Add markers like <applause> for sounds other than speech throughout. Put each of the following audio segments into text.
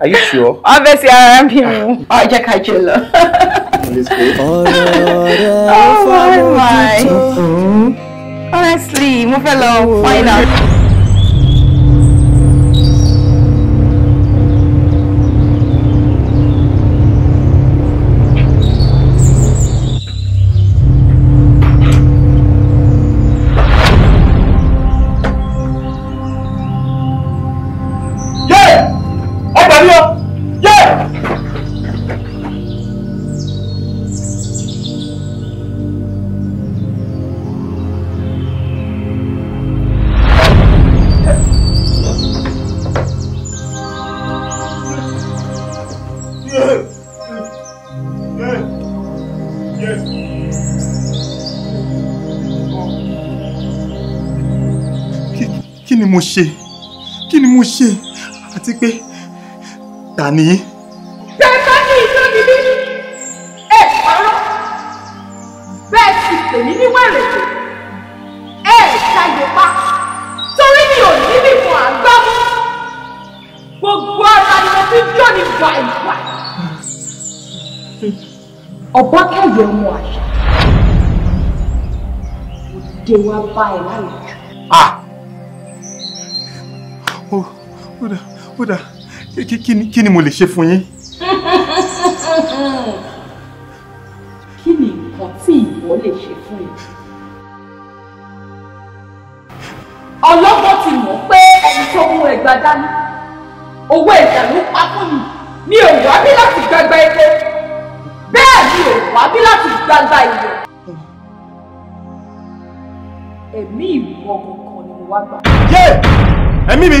Are you sure? Obviously, I am him. I just ká jẹ lọ. Oh my Honestly, move along. Why not? mo ṣe àti pé ta ni. bẹ́ẹ̀ bá ní ìjọ mi bí ẹ pààrọ̀ bẹ́ẹ̀ sì pè mí ní wẹ̀rẹ̀kẹ̀ ẹ ṣàyè pa torí mi ò ní bí mo àgbá mú gbogbo ara ni mo fi jọ ní gbàìgbà. ọ̀bá kẹ́yọ̀ ọmọ àṣà òde wa bá ẹ láyé. ah Oda, oda, ó dà kí ni mo lè ṣe fún yín. <laughs> kí ni nǹkan tí ìwọ lè ṣe fún yín. ọlọ́gbọ́n ti mọ̀ pé ẹni tó mú ẹgbàá dání owó ẹ̀jẹ̀ ló pa fún mi mi ò wá bí láti gbàgbà epo bẹ́ẹ̀ mi ò wá bí láti gbàgbà ilẹ̀. ẹ̀mí ìwọ kankan ni mo wá gbà. ẹ̀mí mi.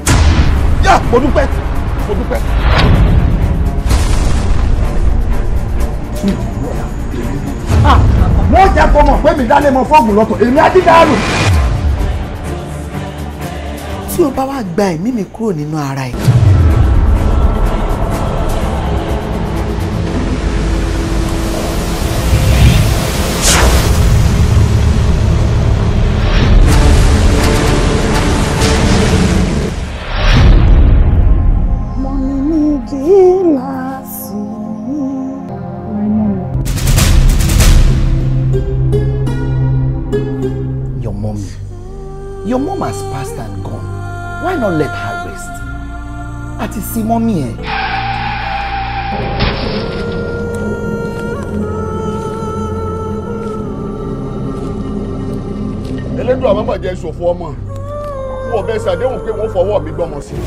kódà ah, mo dúpẹ́ mo dúpẹ́. wọ́n ah, jẹ́ kó mọ̀ pé mi dálé mọ fọ́ọ̀gù lọ́tọ̀ èmi á dídá àrùn. tí o bá wá gba ẹ̀mí mi kúrò nínú ara ẹ̀. mommy. Your mom has passed and gone. Why not let her rest? Àti sí mommy ẹ̀. Elédùn àwọn ọmọ jẹ́ ìṣòfò ọmọ. Wọ́n ò bẹ́ẹ̀ ṣàdéhùn pé wọ́n fọwọ́ mi gbọ́mọ sí i.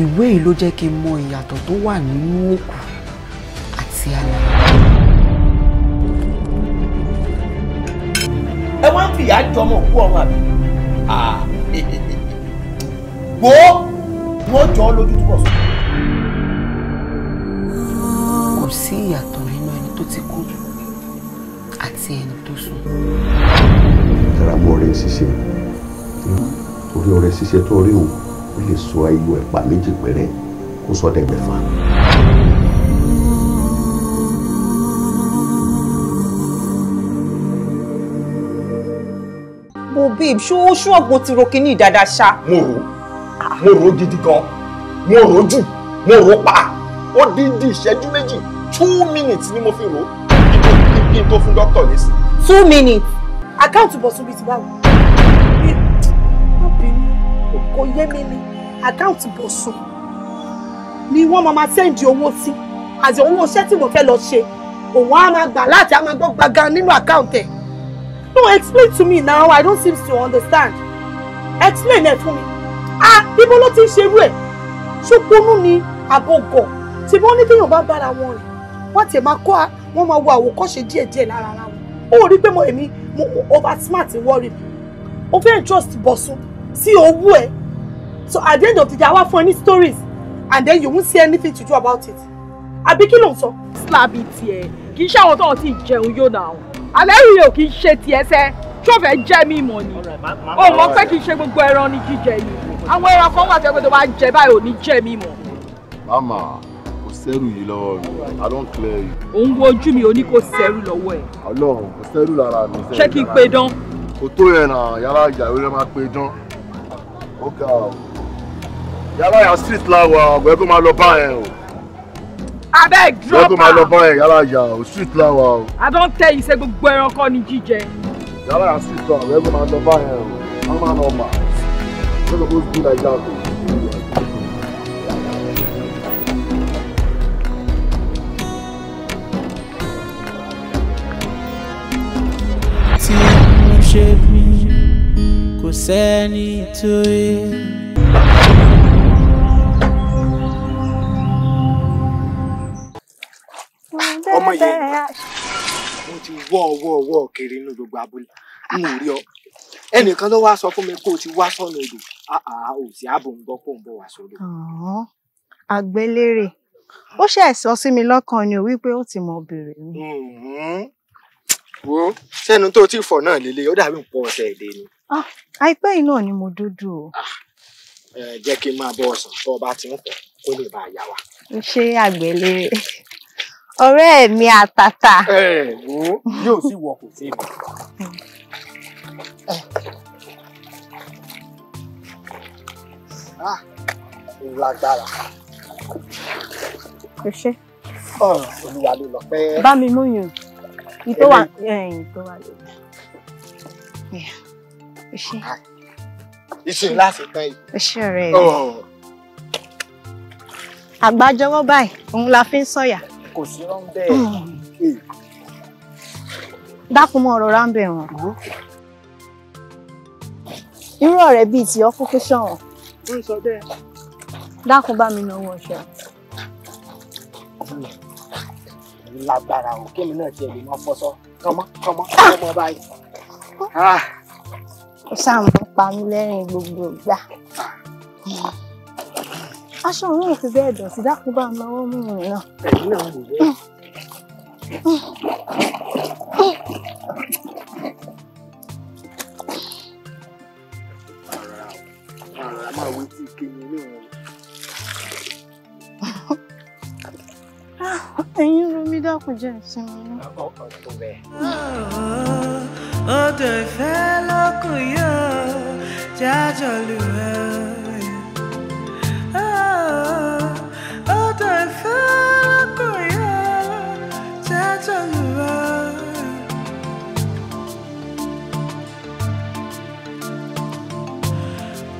ìwé yìí ló jẹ́ kí n mọ ìyàtọ̀ tó wà nínú òkú àti àlá. ìyá jọmọ òkú ọmọ àbí gbó wọn jọ lójú túbọ̀ sọ. kò sí ìyàtọ̀ nínú ẹni tó ti kú àti ẹni tó sùn. tara mọ ọ̀rẹ́ ṣíṣe orí ọ̀rẹ́ ṣíṣe tó rí o ó lè sọ ayé ẹ̀pà méjì péré kó sọ dẹgbẹ̀fà. wo babe ṣó ṣú ọ̀pọ̀ ti ro kíní dáadáa ṣá. mo rò mo rò gidi gan mo rò jù mo rò pa ó dídí ìṣẹ́jú méjì two minutes ni mo fi rò kí n tó fún dókítà lésì. two minutes àkáǹtì bọ̀sùn bíi ti báwo. kò yé mi ni àkáǹtì bọ̀sùn ni wọ́n máa máa sẹ́ǹdì owó sí àti owó iṣẹ́ tí mo fẹ́ lọ ṣe òun á máa gbà láti á máa gbọ́ gbagan nínú àkáǹtì ẹ̀. No, explain to me now. I don't seem to understand. Explain it to me. Ah, ibo ló ti ń ṣerú ẹ̀. Ṣogbónú ni àbọ̀gọ̀. Tí wọ́n ní kéèyàn bá bára wọn rìn. Wọ́n ti máa kọ́ wọ́n máa wo àwòkọ́ṣe díẹ̀díẹ̀ la. ara wọn. Ó rí pé mo èmi mo over smart worry mi. O fẹ́ trust bọ̀sùn sí owó ẹ̀. So at the end of the day, I wá fún stories and then you won't see anything to do about it. Àbí kí ló ń Slab it ye. Kisha í ṣe àwọn tó now alẹ́ rí o kì í ṣe tiẹ̀ sẹ́ tó fẹ́ jẹ́ mi mọ̀ ni o mọ̀ pé kì í ṣe gbogbo ẹran ni jíjẹ yìí àwọn ẹran kan wà tó yẹ pé tó bá jẹ báyìí ò ní jẹ mi mọ̀. mama kò sẹ́rù yìí lọ́wọ́ mi i don clear you. òun wo ojú mi ò ní kò sẹ́rù lọ́wọ́ ẹ̀. ọlọ́run kò sẹ́rù lára mi. ṣé kí n pe dán. kò tó yẹn náà yàrá ìyàwó rẹ máa pe dán. ó ga ọ yàrá yà street láwọ ọgbẹ́ kó máa lọ bá yẹn o abeg drop am. lọ́gbọ̀n máa lọ yàrá yà ó sweet láwa o. i don tell you say gbogbo ẹranko ni jíjẹ. yàrá yà sweet láwa lọ́gbọ̀n máa lọ o wọ́n máa lọ mà ó lọ́gbọ̀n ó dùn láìjà tí mo ṣe bí kò sẹ́ni tó yẹ. yẹn mo ti wọ́ ọwọ́ ọwọ́ kiri inú gbogbo abúlé n ò rí ọ ẹnìkan ló wá sọ fún mi kó o ti wá sọnù odò àà ò sí ààbò ń gbọ́ kó ń bọ̀ wá sódò. àgbélére ó ṣe sọ sí mi lọ́kàn ni ò wípé ó ti mọ bèrè mi. wo sẹ́nu tó ti fọ̀ náà lélẹ̀ ó dàbí nǹkan ọ̀sẹ̀ èdè ni. Ah, àìpẹ́ yìí náà ni mo dúdú o. Ah, jẹ́ kí n máa bọ́ ọ̀sán tó o ti ń pọ̀ kó lè bá a yà wá. ṣé àgbélére ọ̀rẹ́ mi àtàtà. ẹ wo yóò sì wọ kò sí mi. Ah, lágbára. kò ṣe. ọ̀rọ̀ olúwa ló lọ pẹ́. bá mi mú yàn ìtò wà ẹ̀yìn tó wà lórí. kò ṣe. iṣẹ́ láti tán yìí. kò ọ̀rẹ́ mi. àgbájọwọ́ báyìí òun la fi ń sọ̀yà kò sí rán bẹ́ẹ̀. Mm. dákun mọ ọ̀rọ̀ ráńbẹ wọn mm-hmm. irú ọ̀rẹ́ bíi ti ọkọ kó ṣọwọn. ó sọ bẹ́ẹ̀. dákun bá mi nà owó ọṣẹ. Mm. lágbára o kémi náà tiẹ̀ lè mọ fọṣọ kọmọ kọmọ kọmọ báyìí. ó ṣàmùpá mi lẹ́rìn gbogbo ìgbà. Ah aṣọ òun ò fi bẹ́ẹ̀ dọ̀tí dákun bá ń náwó mú un náà. ẹ̀yin ló mi dákun jẹ́ ìsinmi náà. odò ìfẹ́ lọ́kùn yóò jájọ lù ẹ́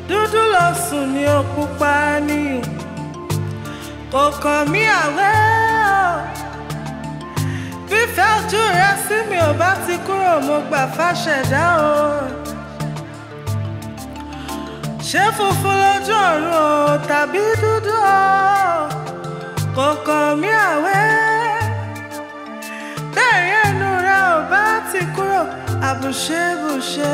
dúdú lọ sùn ní òpupa ni kò kàn mí àwẹ́ ọ̀ fífẹ́ ojú rẹ sí mi ò bá ti kúrò mo gbà fáṣẹ̀dá o ṣé funfun lójú ọ̀run o tàbí dúdú o kò kàn mí àwẹ́ tẹ̀yìn ẹnu rẹ ò bá ti kúrò àbùṣebùṣe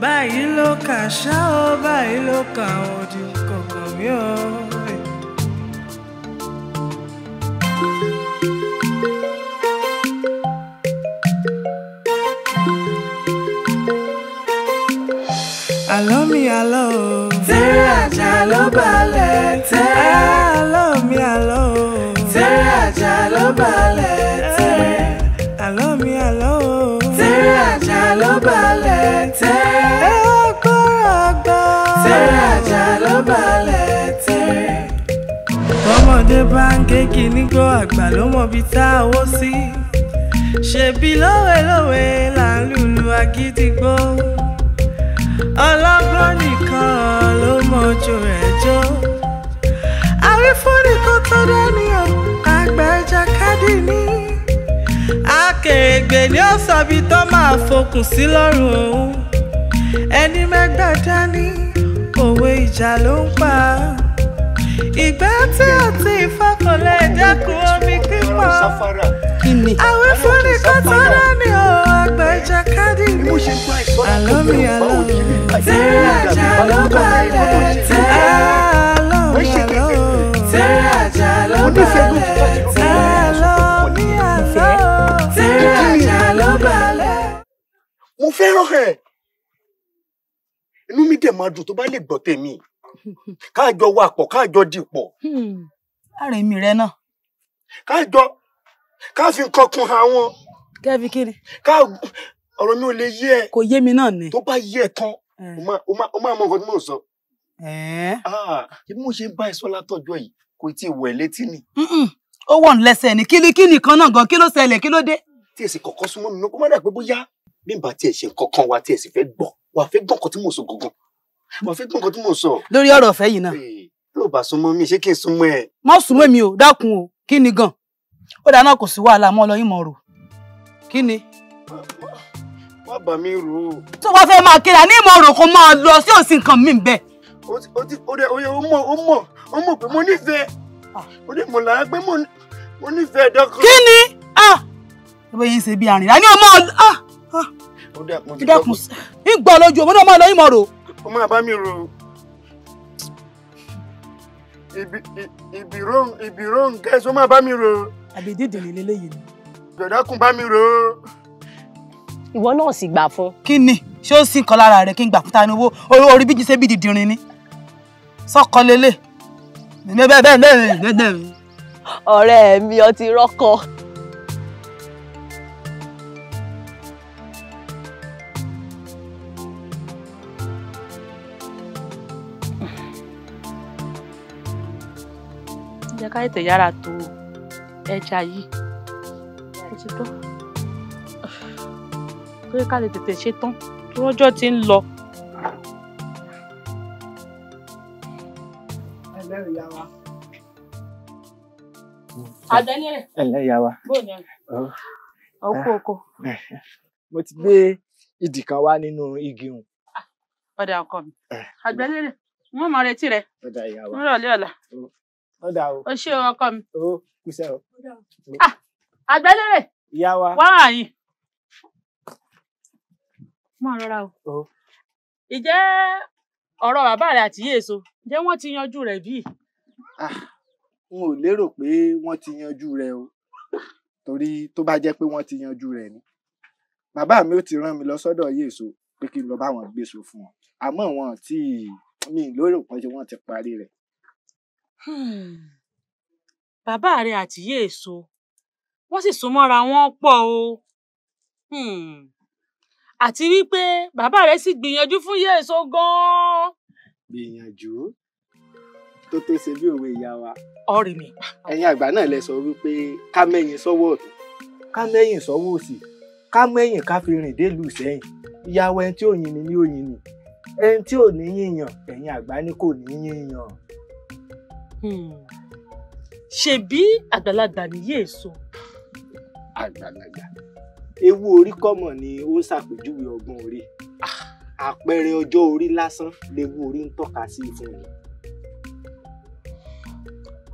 báyìí ló kà ṣá o báyìí ló kà òdì kò kàn mí o. àjà ló balẹ̀ tẹ́rẹ̀. àlọ́ mi àlọ́ o. tẹ́rẹ̀ àjà ló balẹ̀ tẹ́rẹ̀. àlọ́ mi àlọ́ o. tẹ́rẹ̀ àjà ló balẹ̀ tẹ́rẹ̀. ẹ ó gbọ́rọ̀ gbọ́. tẹ́rẹ̀ àjà ló balẹ̀ tẹ́rẹ̀. ọmọdé bá ń ké kíní gbọ́ àgbà ló mọ̀ bí tá a wó sí. ṣèbí lówelówe là ń lùlù agídígbò. ọlọ́gbọ́n nìkan nìkan ló mọ̀jú ẹjọ́ àwífúnni kan tó dánìyàn àgbẹ̀jà kádì ní. akèrègbè ni ó sọ ibi tó máa fokùn sí lọ́rùn òun ẹni mẹ́gbàá dání òwe ìjà ló ń pa ìgbà tí àti ìfọkànlẹ̀ dẹ́kun omi kíkọ́ kíni. àwọn fúnni kan tó dání o àgbẹ̀jẹ̀ káàdì ni. àlọ́ mi àlọ́ tẹ̀rẹ̀ àjà ló balẹ̀ tẹ̀rẹ̀ àlọ́ mi àlọ́ tẹ̀rẹ̀ àjà ló balẹ̀ tẹ̀rẹ̀ àlọ́ mi àlọ́ tẹ̀rẹ̀ àjà ló balẹ̀. mo fẹ́ràn ẹ̀ inú mi dẹ̀ máa dùn tó bá lè gbọ́ tèmi káàjọ wà pọ̀ káàjọ dìpọ̀. ààrẹ mi rẹ náà. káàjọ ká fi nǹkan kun ha wọn. kẹ́ fi kiri. ká ọ̀rọ̀ mi ò lè yé ẹ. kò yé mi náà ni. tó bá yé ẹ tán o máa mọ nǹkan tí mo sọ. Ah, bí mo ṣe bá ẹ sọ látọjọ́ yìí kò tí ì wẹ̀ létí ni. ó wọ̀ ń lẹ́sẹ̀ ni kíníkíní kan náà gan kí ló ṣẹlẹ̀ kí ló dé. tí èsì kọ̀ọ̀kan súnmọ́ mi náà kó má dà pé bóyá bí n bá tiẹ̀ ṣe nǹkan kan wa tí èsì fẹ́ gbọ́ wà fẹ́ gbọ́ nǹkan tí mo sọ gangan wà fẹ́ gbọ́ nǹkan tí mo sọ. lórí ọ̀rọ̀ ọ̀fẹ́ yìí náà. tó o bá súnmọ́ mi ṣé kí n súnmọ́ ẹ. má súnmọ́ mi o dákun o kí ni gan ó dáná kò sí wàhálà mọ́ lọ́yìn mọ̀ rò kí ni. má bà mí rò ó. tó bá fẹ́ máa kéra ní ìmọ̀ rò kó máa lọ sí òsì nǹkan mi bẹ́ẹ̀. ó ti ó dẹ oyè ó mọ̀ ó mọ̀ ó mọ̀ pé mo nífẹ̀ẹ́ ah. ó dẹ mọ̀ lára pé mo nífẹ̀ẹ́ dọ́kọ̀. kí ni ah! bó yín ṣe bí arìnrìn àní ọmọ ah, ó dẹkùn ń gbọ́ lójú òun náà máa lọ rò. ó máa bá mi rò ó ìbí ìbí rò ń kẹ́ ẹ́ sọ máa bá mi rò ó àbí dídìrín lélẹ́yìí ni. ìjọ̀dọ́kùn bá mi rò ó. ìwọ náà sì gbà fún. kí ni ṣé ó sì ń kọ lára rẹ kí n gbà fún tani owó orí bíjì ṣe bí dídìrín ni sọkọ lélẹ̀ bẹ́ẹ̀ bẹ́ẹ̀ bẹ́ẹ̀ bẹ́ẹ̀. ọ̀rẹ́ mi ọtí rọ́kọ̀. jẹ́ ká tètè yára tó ẹja yìí ó ti tán tó yẹ ká lè tètè ṣe tán tí ọjọ́ ti ń lọ. ẹlẹ́yà wa oh. ọkọ ọkọ. Ah. mo ti gbé ìdì kan wá nínú igi hùn. Ah, ọ̀dà ọkọ mi àgbẹ̀lérè wọ́n mọ̀ retí rẹ̀ nírọ̀lẹ́ ọ̀la. Oh. O ṣé ọkọ mi. Oh kúṣẹ́ o. àgbẹ̀lérè ah, ìyá wa wá àyìn máa rọra o. ìjẹ́ ọ̀rọ̀ bàbá rẹ̀ àti yéèso ǹjẹ́ wọ́n ti yanjú rẹ̀ bí? Ah, n ò lérò pé wọ́n ti yanjú rẹ̀ o torí tó bá jẹ́ pé wọ́n ti yanjú rẹ̀ ni bàbá mi ò ti rán mi lọ sọ́dọ̀ yéèso pé kí n lọ bá wọn gbèsò fún wọn àmọ́ wọn tí mi lérò pé wọ́n ti parí rẹ̀. Hmm bàbá rẹ àti ìyá èso wọn sì sún mọra wọn pọ o hmm. àti wípé bàbá rẹ sì gbìyànjú fún ìyá èso ganan. gbìyànjú tó tó ṣe bí òwe ìyá wa. ọ̀rẹ́ mi. ẹ̀yin àgbà náà lẹ sọ wípé ká mẹ́yìn sọ́wọ́ ọ̀tún ká mẹ́yìn sọ́wọ́ òsì ká mẹ́yìn ká fi rìn délùú sẹ́yìn ìyàwó ẹni tí ò yin ni ni ò yin ni ẹni tí ò ní yíyan ẹ̀yin àgbà ni kò ní yíyan. Hmm ṣebí àgbàlagbà nìyí èso. àgbàlagbà ewu orí kọ́mọ̀ ni ó ń ṣàpèjúwe ọgbọ́n orí àpẹẹrẹ ọjọ́ orí lásán lewu orí ń tọ́ka sí fún mi.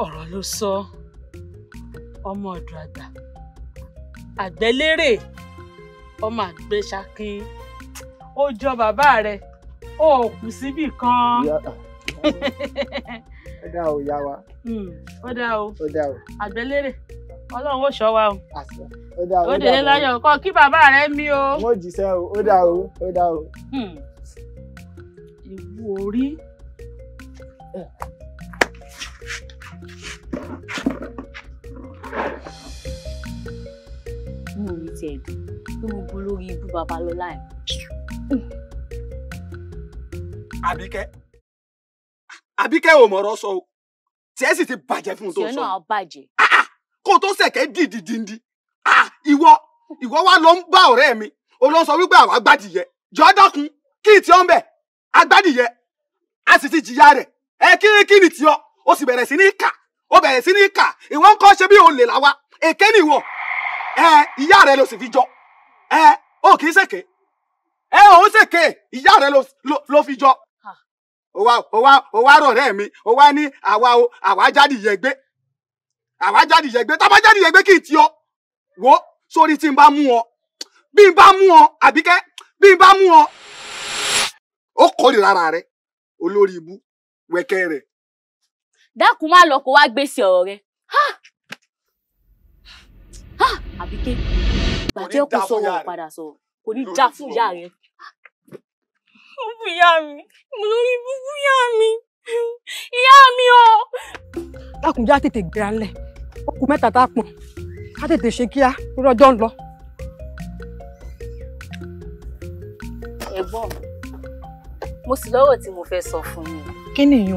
ọ̀rọ̀ ló sọ ọmọ ọ̀dọ̀ àgbà àgbẹ̀lérè ọmọ àgbẹ̀ ṣakin ó jọ bàbá rẹ̀ ó kù síbì kan. <laughs> ẹ dá o yá wa. Hmm, ó dá o ó dá o àgbélére ọlọ́run ó ṣọ́ wa o ó délé láyọ̀ kọ́ kí bàbá rẹ mí o. mo jíṣẹ́ o ó dá o ó dá o. Hmm. ìwú orí. mú orí tiẹ̀ dùn pé mo bu lórí ibú babalọ́lá ẹ̀. àbíkẹ́ àbíkẹ́ ò mọ̀rọ̀ sọ o tí ẹ sì ti bàjẹ́ fún un tó sọ. tiẹ̀ náà bàjẹ́. Ah, ah, kó o tó sẹ̀kẹ́ dìdì dìndín ah, ìwọ ìwọ wa ló ń bá ọ̀rẹ́ mi o ló ń sọ wípé àwa gbádìyẹ jọ dákun kí ìtì ọ̀ ń bẹ̀ agbádìyẹ a sì ti jìyà rẹ̀ ẹ kí ni kí ni tì ọ́ o sì bẹ̀rẹ̀ sí ní kà o bẹ̀rẹ̀ sí ní kà ìwọ ń kọ́ ṣe bí olè làwa èké ni ìwọ ẹ ìyá rẹ ló sì fi jọ ẹ o kì í ṣèké ẹ ò ń ìyá rẹ ló fi jọ ó wá ó wá ó wá rọ̀rẹ́ mi ó wá ní àwa o àwa jáde yẹgbẹ́ àwa jáde yẹgbẹ́ tá jáde yẹgbẹ́ kì í ti ọ wo sórí tí n bá mú ọ bí n bá mú ọ àbíkẹ́ bí n bá mú ọ ó kórìíra ara rẹ olórí ibú wẹkẹ rẹ. dákun má lọ kó wá gbèsè ọ̀rọ̀ rẹ àbíkẹ́ ìgbà tí sọ̀rọ̀ padà sọ̀rọ̀ kò ní já fún ìyá rẹ ó bu ìyá mi mo lórí mi ìyá mi o. lákùnjá tètè gbéra ńlẹ̀ ó kù mẹ́ta tá a pọ̀n ká tètè ṣe kíá lórí ọjọ́ ń lọ. ẹ̀gbọ́n mo sì lọ́rọ̀ tí mo fẹ́ sọ fún hmm.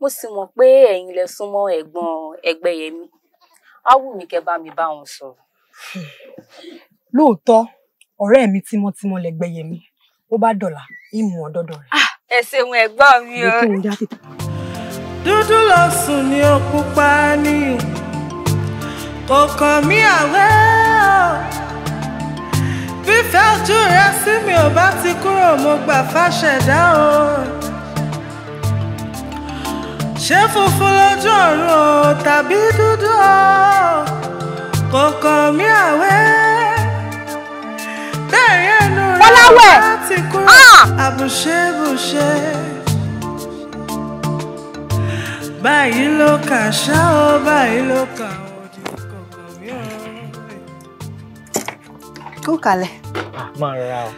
mo sì mọ̀ pé ẹ̀yin lẹ súnmọ́ ẹ̀gbọ́n ẹgbẹ́yẹmí á wù mí kẹ́ bá mi bá wọn sọ̀rọ̀. Hmm. lóòótọ́ ọ̀rẹ́ mi tímọ́tímọ́ lẹ́gbẹ̀yẹ mi ó bá dọ̀là ìmú ọ̀dọ́dọ̀ rẹ̀. Ah, ẹ ṣeun ẹ̀gbọ́n mi o. dúdú lọ sùn ní òpupa ni kò kàn mí àwẹ́ o fífẹ́ ojú rẹ sí mi ò bá ti kúrò mo gbà fáṣẹ̀dá o ṣé funfun lójú ọ̀run o tàbí dúdú o kò kàn mí àwẹ́ o. Fọláwẹ̀ ah! àbùṣebùṣe báyìí ló kà ṣá o báyìí ló kà òdì kọ̀ọ̀kan kú kalẹ̀. Ah, máa rọra o.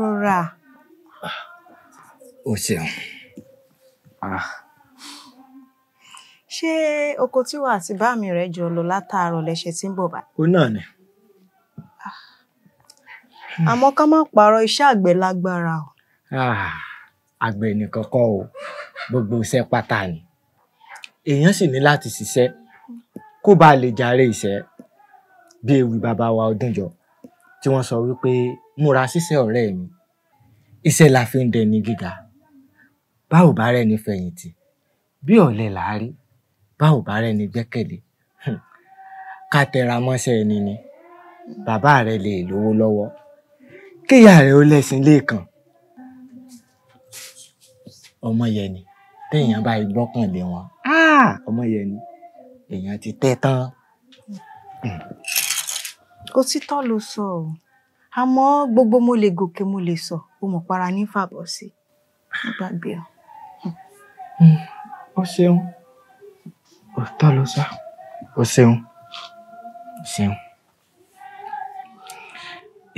rọra. Ah, o ṣeun. ah ṣé oko tí wàá àti bá mi rẹ jọ lọ látàárọ̀ lẹṣẹ tí ń bọ̀ bá. ó náà ni. Ah. àmọ́ ká má parọ́ iṣẹ́ àgbẹ̀ lágbára o. Ah, àgbẹ̀ nìkan kọ́ o gbogbo iṣẹ́ pátá ni èèyàn sì ní láti ṣiṣẹ́ kó bàa lè jàre iṣẹ́ bí ewì bàbá wa Ọdúnjọ tí wọ́n sọ wípé múra ṣiṣẹ́ ọ̀rẹ́ mi iṣẹ́ la fi ń dẹni gíga báwo bá rẹ́ni fẹ̀yìntì bí ọ̀lẹ làárí bá ò bá rẹni gbẹ́kẹ̀lé hmm. ká tẹra mọ́ṣẹ́ ẹni ni bàbá rẹ lè lówó lọ́wọ́ kíyà rẹ ó lẹ́sìn lẹ́ẹ̀kan ọmọ yẹni téèyàn bá gbọ́kànlé wọn ah! ọmọ yẹni èèyàn ti tẹ́ tán. Hmm. òtítọ́ ló sọ ọ́ àmọ́ gbogbo mo lè gòkè mo lè sọ o mọ̀ para ní fàbọ̀ sí i mo ọ. o hmm. ṣeun òótọ́ ló sọ o ṣeun o ṣeun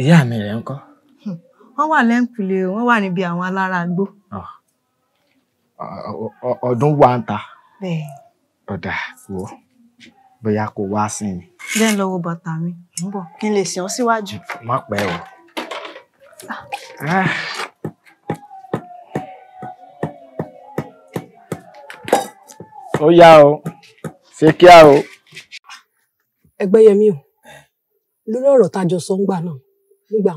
ìyá mi rẹ̀ ń kọ́. Hmm. wọ́n wà lẹ́ǹkùlé o wọ́n wà níbi àwọn alára àgbò. ọdún wa ń ta ọ̀dà wo bóyá kò wá sí mi. bẹ́ẹ̀ lọ wo bàtà mi ń bọ̀ kí n lè sìn ọ́ síwájú. má pẹ́ o. Ah. ó yá o ṣé kíá o. ẹgbẹ́yẹmí o lórí ọ̀rọ̀ tájọ sọ ń gbà náà nígbà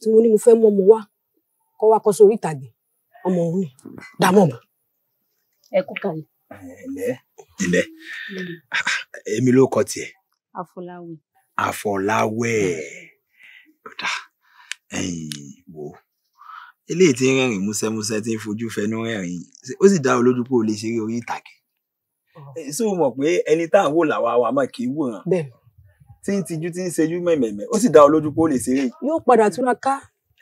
tí mo ní mo fẹ́ mú ọmọ wá kọ́ wá kọ́ sórí ìtàgé ọmọ òun ni dààmú ọ̀bà. ẹ kú kàlẹ̀. ẹlẹ ẹlẹ èmi ló kọ tiẹ̀. àfọláwẹ. àfọláwẹ kódà ẹ̀yin wò eléyìí tí ń rẹ́rìn músẹ́músẹ́ tí ń fojú fẹnu rẹ́rìn ó sì dá olójú pé o lè ṣeré orí ìtàgé so mọ̀ pé ẹni tá à ń wò làwa wa mọ̀ kì í wòran tí ń tijú tí ń ṣejú mẹ̀mẹ̀mẹ̀ ó sì dá ọ lójú pé ó lè ṣeré. yóò padà túraká.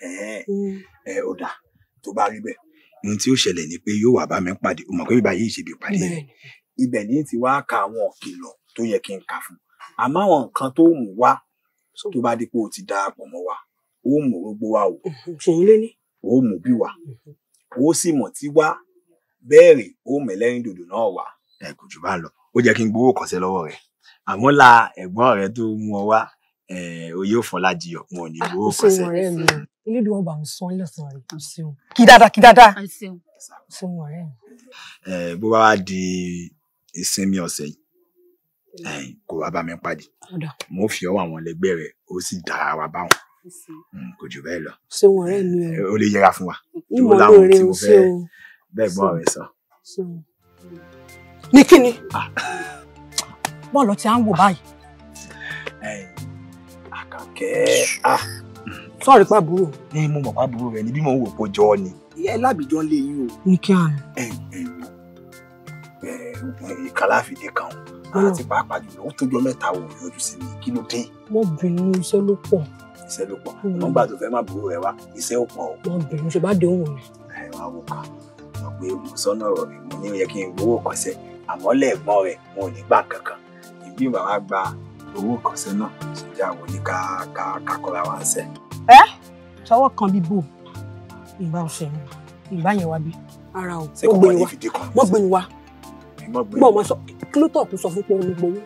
ẹ hmm. ẹ ó dà tó bá rí bẹ́ẹ̀ ohun tí ó ṣẹlẹ̀ ni pé yóò wá bá mi pàdé o mọ̀ pé bíbá yìí ṣèbí pàdé yẹn ibẹ̀ ni ti wá ka àwọn òkìlọ̀ tó yẹ kí n kà fún àmọ́ àwọn nǹkan tó mú wá tó bá di pé o ti darapọ̀ mọ́ wa ó mú gbogbo wa o hmm, ṣèyí lé ní ó mú bí wa hmm. ó sì mọ̀ tí wá bẹ́ẹ̀ rè ó mẹ́lẹ́rìn náà wá ẹ kò jù bá lọ ó jẹ́ kí n gbowó kọsẹ̀ lọ́wọ́ rẹ̀ àmọ́ la ẹ̀gbọ́n rẹ̀ tó mú ọ wá oyè òfọlájiyọ wọn ò ní ah, gbowó kọsẹ̀. ilédu ọba ń sọ lẹsàn rẹ kò sí o kí dáadáa kí dáadáa sí wọn mi. bó bá wá di ìsinmi ọ̀sẹ̀ yìí kò wá bá mi pàdé mo fi ọwọ́ àwọn ẹlẹgbẹ́ rẹ̀ ó sì dá wa báwọn hmm, kò jù bẹ́ẹ̀ lọ. ṣé wọn ọ̀rẹ́ mi o. ó lè yẹra fún wa. ìmọ̀ lóore o ṣé o. bẹ́ẹ̀ gbọ́n rẹ̀ sọ. ṣé o ní kíni ah. bọ́ọ̀lù tí a ń wò báyìí. àkàkẹ́ ah. sọ́ọ̀rì pàbúrò. ní mo mọ̀ pàbúrò rẹ̀ ni bí mo ń wò kó jọ ni. ẹ lábìjọ lè yí o. ní kí àná. kàláfìdé kan àti pàápàá jùlọ ó tójọ mẹ́ta wò yọjú sí mi kí ló dé. mo bínú iṣẹ́ ló pọ̀. iṣẹ́ ló pọ̀ nọ́mbà hmm. tó fẹ́ má burú rẹ wá iṣẹ́ ò pọ̀ o. mo bínú ṣe bá dé òun mi. ẹ wá wò ká mo pe mo sọ́nà ọ̀rọ̀ mi mo ní ó yẹ kí n gbowó kọ́sẹ́ àmọ́ lẹ́ẹ̀gbọ́n rẹ̀ wọn ò ní gbà kankan ìbí bàbá gba owó kọsẹ̀ náà ṣèjì àwọn ní ká ká kakọra wa ń sẹ. ẹ tọwọ́ kan bí bò ìgbà ọsẹ ìgbà yẹn wá bí ara o mo gbé wa mo gbé wa bọ́ọ̀ ma sọ kílótọ̀ tó sọ fún pé òun gbowó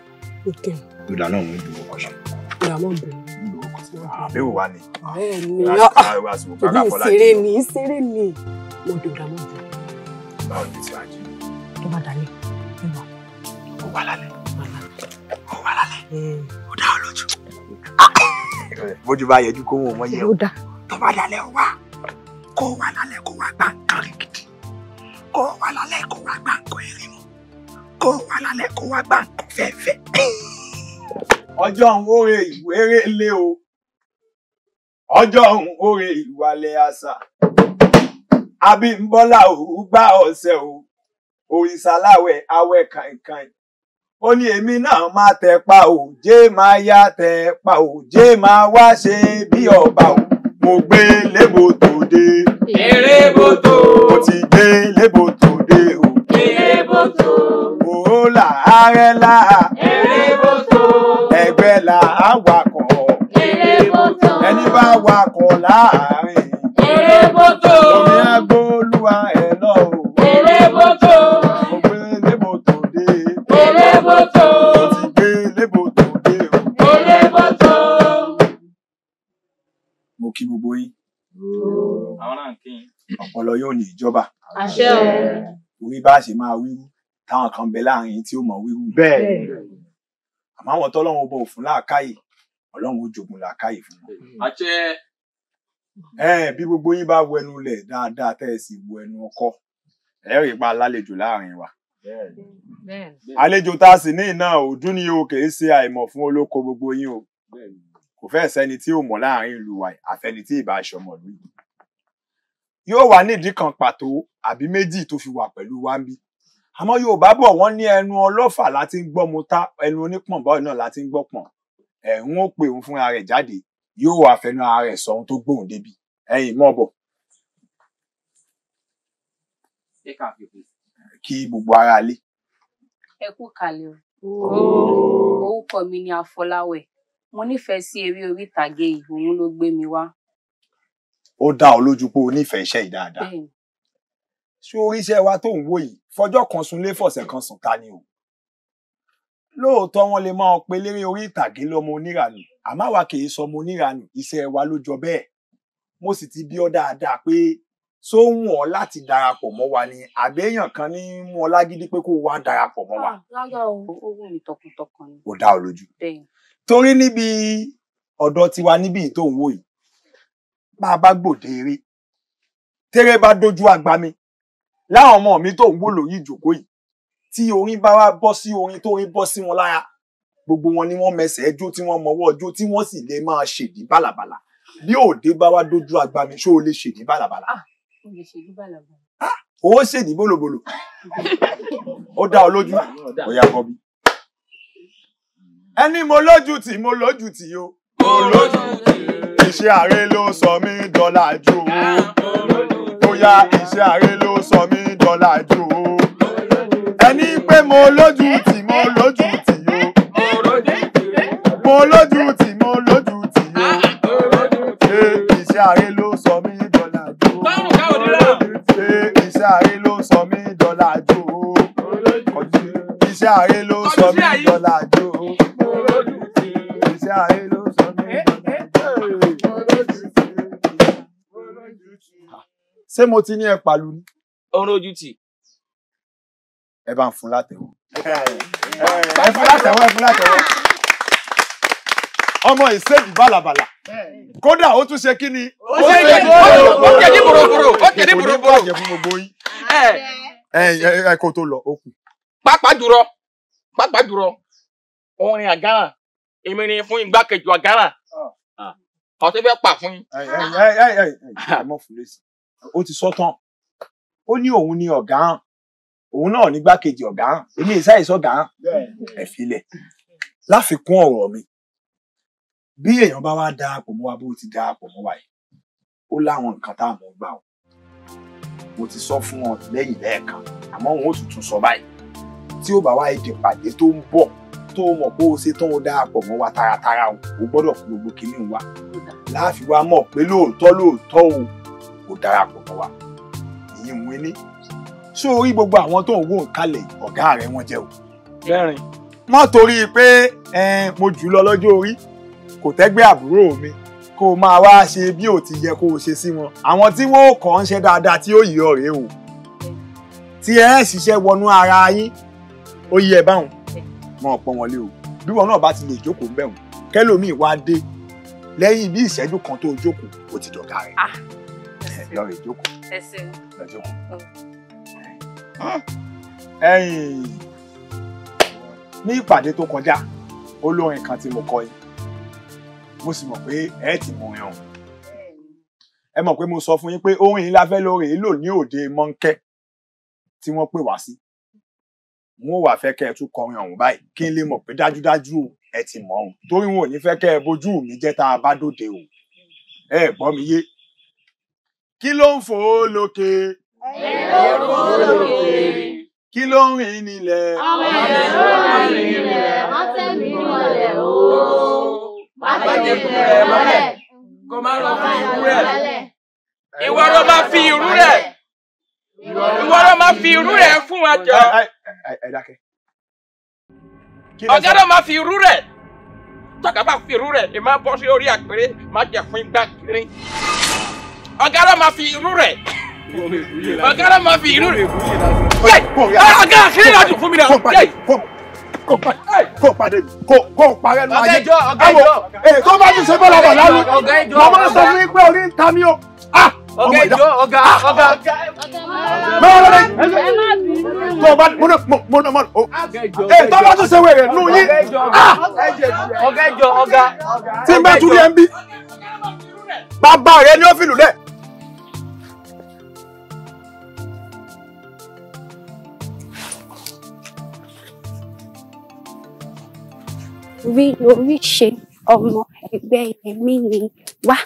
ó kẹrin. ìlà náà mo ń dùn ọkọ ṣe. ìlà náà bẹ̀rẹ̀ àbẹ̀wò wa ni. bẹ́ẹ̀ ni ọ̀hún ìṣeré ni ìṣeré ni mo dòdà mọ́ jù. báwo ni ti wá jẹ. tó bá dalẹ̀. wà lálẹ́ ó wà lálẹ́ ó bójú bá yẹjú kó wọn yẹ o tó bá dalẹ̀ kó wà lálẹ́ kó wà gbà gidi kó wà lálẹ́ kó wà gbà kó wà lálẹ́ kó wà gbà fẹ́fẹ́. ọjọ́ ń o ọjọ́ ń ìwàlẹ̀ àṣà gbá ọ̀sẹ̀ o òrìṣà láwẹ̀ awẹ́ ó ní èmi náà máa tẹ̀pa òjé máa ya tẹ̀pa òjé máa wá ṣe bí ọba o mo gbé lébo tòde. èrè bòtò. mo ti gbé lébo tòde o. èrè bòtò. òhó là ààrẹ là. èrè bòtò. ẹgbẹ́ là á wakọ̀. èrè bòtò. ẹni bá wakọ̀. àṣẹ o orí bá ṣe máa wíwú táwọn kan bẹ láàrin yìí tí ó mọ wíwú bẹ́ẹ̀ àmọ́ àwọn tọ́lọ́run bọ òfun làákàyè Ọlọ́run ó jogun làákàyè fún wọn. àṣẹ. ẹ bí gbogbo yín bá wọ ẹnu lẹ̀ dáadáa tẹ́ ẹ sì wọ ẹnu ọkọ ẹ rí ipa lálejò láàrin wa. àlejò tá a sì ní iná òdún ni o kì í ṣe àìmọ̀ fún olóko gbogbo yín o kò fẹ́ sẹ́ni tí ò mọ̀ láàrin ìlú wa àfẹni tí ì aṣọ mọ̀ lóyún yóò wà nídìí kan pàtó àbí méjì tó fi wà pẹ̀lú wa ń bí àmọ́ yorùbá bọ̀ wọ́n ní ẹnu ọlọ́fà láti ń gbọ́ mu ta ẹnu onípọ̀n báyìí náà láti ń gbọ́ pọ̀n ẹ̀hún ó pè òun fúnra rẹ̀ jáde yóò wà fẹnu ara rẹ̀ sọ ohun tó gbóhùn débi ẹ̀yìn mọ́ bọ̀. kí gbogbo ara lé. ẹ kú kalẹ̀ o orúkọ mi ni Afọláwẹ̀ mo nífẹ̀ẹ́ sí eré orí ìtàgé yìí òun ló gbé mi wá ó dá ọ lójú pé o nífẹ̀ẹ́ iṣẹ́ yìí dáadáa ṣé orí iṣẹ́ wa tó ń wò yìí fọjọ́ kan sùn lé fọ̀sẹ̀ kan sùn ta ni o lóòótọ́ wọn lè máa pe léré orí ìtàgé lọ́mọ oníranù àmọ́ àwa kì í sọmọ oníranù iṣẹ́ wa ló jọ bẹ́ẹ̀ mo sì ti bí ọ dáadáa pé tó ń wọ̀ láti darapọ̀ mọ́ wa ni àbẹ́yàn kan ní mú ọ lágídí pé kó wá darapọ̀ mọ́ wa. lára ah, ohun ìtọkùntọkàn ni. ó dá ọ lójú. torí níbi ọ̀dọ̀ tiwa níbi tó yìí bá a bá gbòde eré tẹrẹ bá dojú àgbà mi láwọn ọmọ mi tó ń wò lórí ìjòkó yìí tí orin bá wá bọ́ sí orin tó orin bọ́ sí wọn lára gbogbo wọn ni wọ́n mẹsẹ̀ ẹjọ́ tí wọ́n mọwọ́ ọjọ́ tí wọ́n sì lè máa ṣèdí bàlàbàlà bí òde bá wá dojú àgbà mi ṣó o lè ṣèdí bàlàbàlà. Ah, owó ṣèdí ah, bólobòlò ó dá ọ lójú ó yá kọ bí. ẹni mo lójú tì mo lójú tì o. mo lójú tì o iṣẹ́ ààrẹ ló sọ mí dọ́là jù o bóyá iṣẹ́ ààrẹ ló sọ mí dọ́là jù o ẹni pé mo lójú tì mo lójú tì o mo lójú tì mo lójú tì o ṣé iṣẹ́ ààrẹ ló sọ mí dọ́là jù ṣé iṣẹ́ ààrẹ ló sọ mí dọ́là jù iṣẹ́ ààrẹ ló sọ mí dọ́là ṣé mo ti ní ẹ pàlú ni. ọrùn ojú tì. ẹ bá ń fún látẹ̀wọ́. ẹ fún látẹ̀wọ́ ẹ fún látẹ̀wọ́. ọmọ ìṣèlú bàlàbàlà kódà ó tún ṣe kí ni. ó ṣe ìjẹ́bú ó tẹ̀ ní bòròbòrò ó tẹ̀ ní bòròbòrò. kò ní bàjẹ́ fún gbogbo yín. ẹ ẹ kó tó lọ ó kù. pàápàá jùlọ pàápàá jùlọ orin àgárà èmi ni fún igbákejì àgárà ọtí fẹ́ pà fún yín. ẹ ẹ ẹ ẹ ẹ mọ fún lẹsí ó ti sọ tán ó ní òun ni ọ̀gá hàn òun náà ní gbákejì ọ̀gá hàn èmi ìsáyè sọ̀gá hàn ẹ láfikún ọ̀rọ̀ mi bí èèyàn bá wá darapọ̀ mọ́ wa bó ti darapọ̀ mọ́ wa yìí ó láwọn nǹkan tá à mọ̀ gbà o mo ti sọ fún ọ lẹ́yìn lẹ́ẹ̀kan àmọ́ òun ó tuntun sọ báyìí tí ó bá wá èdè pàdé tó ń bọ̀ tó mọ̀ pé o ṣe tán o darapọ̀ mọ́ wa taratara o gbọ́dọ̀ kú gbogbo kìíní wa láàfin wa mọ̀ pé lóòótọ́ lóòótọ́ o kó darapọ̀ mọ́ wa ìyẹn ń wíní so orí gbogbo àwọn tó ń wò ń kalẹ̀ ọ̀gá rẹ̀ wọ́n jẹ́ o. bẹ́ẹ̀rin. má torí pé mo jù lọ lọ́jọ́ orí kò tẹ́gbẹ́ àbúrò mi kó o máa wá ṣe bí ò ti yẹ kó o ṣe sí wọn àwọn tí wọn ò kàn ń ṣe dáadáa tí ó yí ọ o tí ẹ ṣiṣẹ́ wọnú ara yín ó yí ẹ báwọn mọ ọ̀pọ̀ wọn lé o bí wọn náà bá ti lè jókòó ń bẹ̀wọ̀n kẹ́lòmíì wá lẹ́yìn bí ìṣẹ́jú kan tó jókòó ó ti dọ̀gá rẹ̀. Ah ẹ̀yọ́ rẹ̀ jókòó. ẹ ṣeun. lọ jókòó. ní ìpàdé tó kọjá olórin kan tí mo kọ yìí mo sì mọ̀ pé ẹ ti mọ̀ yàn ẹ mọ̀ pé mo sọ fún yín pé orin yìí la fẹ́ yìí lò ní òde mọ́ńkẹ́ tí wọ́n pè wá sí wọn ò wá fẹ́ kẹ́ ẹ tún kọrin ọ̀hún báyìí kí n lè mọ̀ pé dájúdájú ẹ ti mọ̀ ọ̀hún torí wọn ò ní fẹ́ kẹ́ ẹ bójú mi jẹ́ tá a bá dòde o ẹ gbọ́ mi yé kí ló ń fò ó lókè. èrò fò ó lókè. kí ló ń rìn nílẹ̀. ọmọ èrò ló ń rìn nílẹ̀ wọ́n tẹ̀ mí mọ́lẹ̀ o. má jẹ́ kú rẹ̀ mọ́lẹ̀ kó má lọ fi irú rẹ̀. ìwọ ló máa fi irú rẹ̀. ìwọ ló máa fi irú rẹ̀ fún wa jọ. ọ̀gá ló máa fi irú rẹ̀ tọ́ka bá fi irú rẹ̀ ẹ bọ́ sí orí àpèrè má jẹ́ fún igbá kiri ọ̀gá ló máa fi irú rẹ̀ ọ̀gá ló máa fi irú rẹ̀ ọ̀gá kiri lọ́dún fún mi náà kó pàdé mi kó kó parẹ́ nu ayé ẹ̀wọ̀ èyí tó bá ti ṣe bọ́lá bọ̀ lálù mo máa sọ fún yín pé orí ń ta mí o. ọ̀gá ìjọ ọ̀gá ọ̀gá. mẹ́wàá lọ́dẹ tó bá mo mo mo mo o èyí tó bá ti ṣe wèrè nu yín. Ah! ọ̀gá ìjọ ọ̀gá. tí n bá tún ní ẹ ń bí bàbá rẹ ni ó fi lù lẹ. rí oríṣi ọmọ ẹgbẹ́ èmi ni wá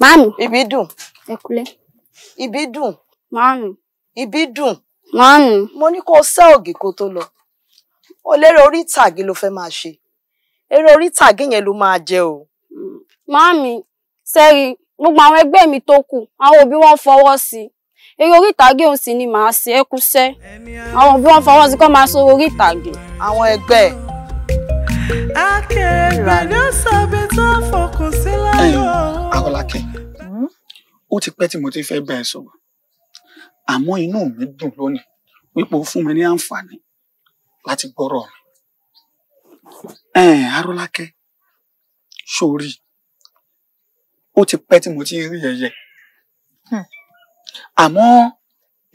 máàmì. ibi dùn. ẹkúlẹ. ibi dùn. máàmì. ibi dùn. máàmì. mo ní kó o sẹ́ ògì kó tó lọ o lérò orí ìtàgé ló fẹ́ máa ṣe eré orí ìtàgé yẹn ló máa jẹ o. máàmì sẹ́rí gbogbo àwọn ẹgbẹ́ mi tó kù àwọn òbí wọn fọwọ́ sí i eré orí ìtàgé òun sì ni màá ṣe é kúṣẹ́ àwọn òbí wọn fọwọ́ sí i kó máa ṣe orí ìtàgé. àwọn ẹgbẹ́ ẹ̀. Akọ́lákẹ́, hmm? ó ti pẹ́ tí mo ti fẹ́ bá ẹ sọ̀rọ̀, àmọ́ inú mi dùn lónìí wípé o fún mi ní àǹfààní láti gbọ́rọ̀ mi. Arọ́lákẹ́, sórí, ó ti pẹ́ tí mo ti rí ẹyẹ, hmm. àmọ́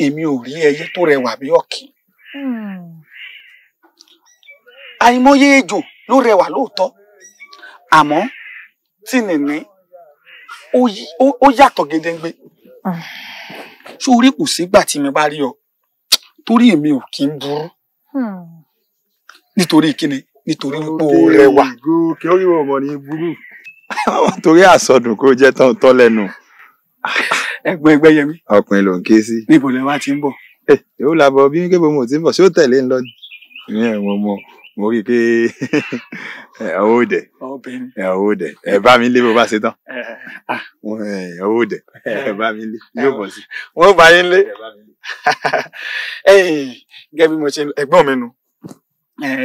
èmi ò rí ẹyẹ tó rẹwà bí ọ̀kín. Hmm. Àìmọye ejò ló rẹwà lóòótọ́ àmọ́ tí nìní ó yàtọ̀ gédéǹgbé sórí kù sígbà tí mi bá rí ọ torí èmi ò kí ń burú hmm. nítorí kíni nítorí wípé ó rẹwà. kí ó rí wọn mọ ní burú. <laughs> torí àsọdùn kó jẹ tán tán lẹ́nu. <laughs> ẹ̀gbọ́n ẹgbẹ yẹmi. ọkùnrin ló ń ké sí. níbo lẹ wá ti ń bọ̀. ẹ eh, yóò labọ bí kébọ mo ti ń bọ̀ ṣé ó tẹ̀lé ń lọ ní ẹ̀wọ̀n mọ́ mo rí i pé <laughs> owó dẹ owó dẹ ẹ bá mi lé bó bá ṣe tán <laughs> eh, ah. owó dẹ eh. ẹ bá mi lé eh, yóò bọ sí. wọn bá yín lé <laughs> gẹ́gẹ́ bí mo ṣe ẹ̀gbọ́n mi nu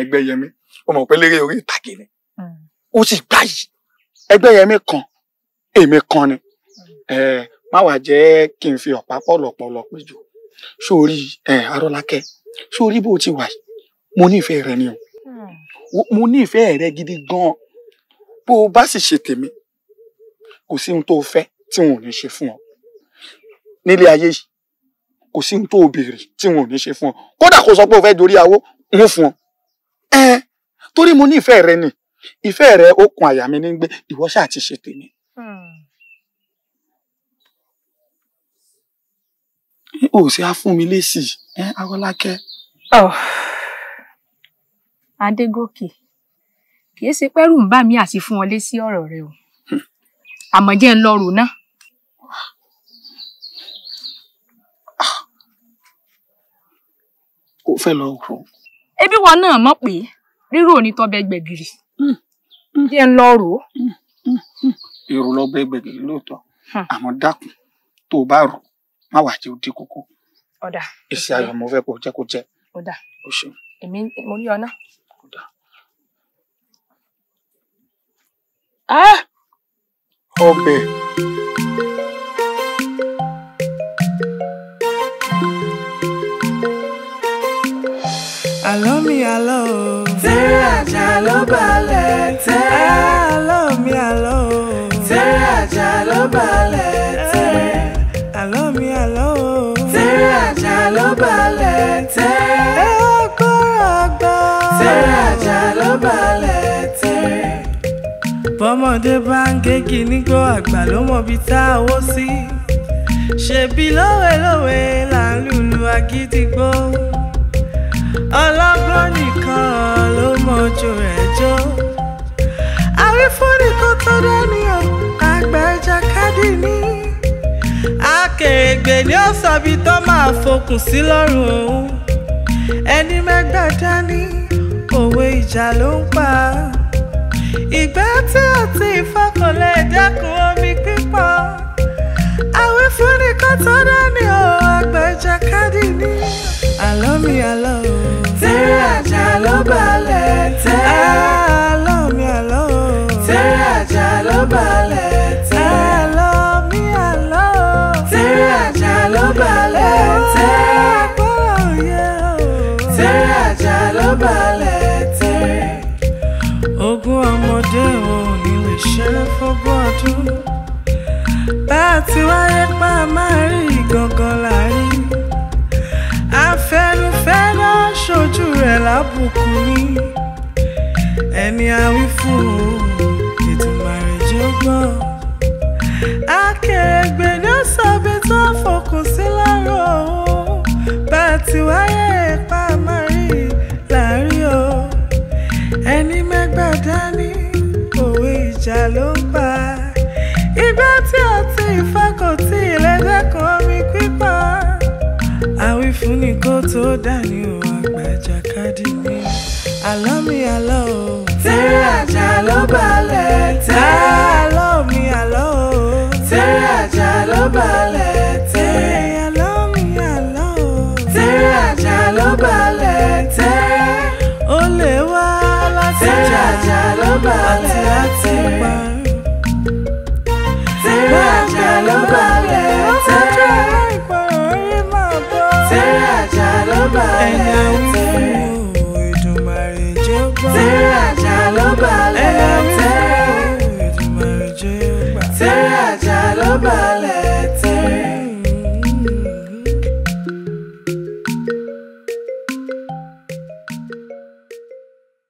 ẹgbẹ́ yẹmi ó mọ̀ pé léré orí ìtàgé ni hmm. ó sì gbá yìí ẹgbẹ́ yẹmi kan èmi kan ni hmm. má wàá jẹ́ kí n fi ọ̀pá pọ̀lọ̀pọ̀lọ̀ péjọ sórí arọ́lákẹ́ sórí bó ti wà yìí mo nífẹ̀ẹ́ rẹ ni o mo ní ìfẹ́ rẹ gidi gan-an bó o bá sì ṣe tèmi kò sí ohun tó o fẹ́ tí wọn ò ní ṣe fún ọ nílé ayé yìí kò sí ohun tó o béèrè tí wọn ò ní ṣe fún ọ kódà kó sọ pé o fẹ́ dorí awó ń fún ọ ẹ torí mo ní ìfẹ́ rẹ ni ìfẹ́ rẹ ó kun àyà mi ní gbé ìwọ ṣáà ti ṣe tèmi. o ò sí á fún mi lésì ẹ Arọ́lákẹ́ adégòkè kì í ṣe pẹ́rù ń bà mí àti fún ọ létí ọ̀rọ̀ rẹ o àmọ́ jẹ́ ń lọ rò náà. kò fẹ́ lọ rò. ebi wọn náà mọ̀ pé rírò ní tọ́ bẹ gbẹ̀gìrì jẹ́ ń lọ rò. èrò lọ gbẹ̀gìrì lóòótọ́ àmọ́ dákun tó o bá rò má wàá jẹ́ ó kókó. ọ̀dà. èsì ayọ̀ mo fẹ́ kó jẹ́ kó jẹ́. ọ̀dà. o ṣeun. èmi mo rí ọ náà. Ah! Ọbẹ̀. Àlọ́ mi àlọ́ o. Tẹ́rẹ́ àjà ló balẹ̀ tẹ́rẹ́. Àlọ́ mi àlọ́ Tẹ́rẹ́ àjà ló balẹ̀ bọ́mọdé bá ń gégi nígbó àgbà ló mọ ibi tá a wó sí ṣèbí lówelówe là ń lùlù agídígbò ọlọ́gbọ́n nìkan ló mọ ojú rẹ̀ jó àwífúnni kó tó dánìyàn àgbà ẹja kádì ní akèrègbè ni ó sọ ibi tó máa fokùn sí lọ́rùn òun ẹni mẹ́gbàá dání òwe ìjà ló ń pa á ìgbà tí ó ti fọkànlẹ̀ dẹ́kun omi pípọ̀ àwífúnni kan tó dání o àgbà ìjàkadì ní. àlọ́ mi àlọ́ o. tẹ́rẹ̀ àjà ló balẹ̀ tẹ́. àlọ́ mi àlọ́. àbùkù ni ẹni àwí fún Èdùmàrè jẹ́ gbọ́. Akèrègbè ló sọ̀bi tó fòkùn sí lárò o bá ti wáyé ipa mari láàrin o ẹni mẹ́gbà dání òwe ìjà ló ń pa igbá tí ọtí ìfakọ̀tì ìlẹ́gbẹ̀ẹ́ kan mi pípa àwífún ni kó tó dání o àlọ́ mi àlọ́ o. tẹ́rẹ́ àjà ló balẹ̀ tẹ́.